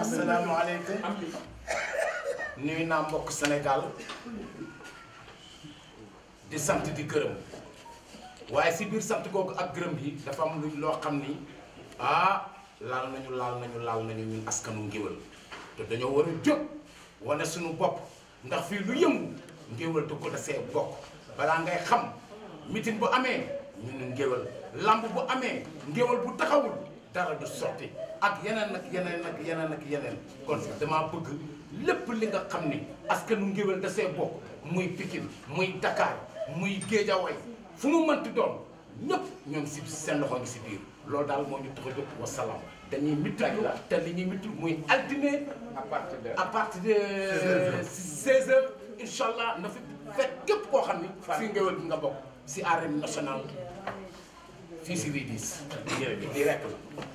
asalaamaaleykum nuyu naa mbokk senegaal di sant di gërëm waaye si biir sant googu ak gërëm bi dafa am loo xam ni ah laal nañu laal nañu laal nañu ñun askanu ngéwël te dañoo war a jóg wane suñu bopp ndax fii lu yëngu ngéwël te ko desee bokk balaa ngay xam mitin bu amee ñun ngéwël lamb bu amee ngéwël bu taxawul dara du sotti ak yeneen nag yeneen ak yeneen ak yeneen kon damaa bëgg lépp li nga xam ni askanu ngéwél da see bokk muy Pikine muy Dakar muy Géejawaay fu mu mënti doon ñëpp ñoom si seen loxo si biir loolu daal moo ñu tax a jóg wasalaam dañuy mital te li ñuy mital muy altine à partir de à partir de 16h incha allah na fi fekk képp koo xam ni fii ngéwél bi nga bokk si arène nationale fii si Rydis. jërëjëf lii rek la.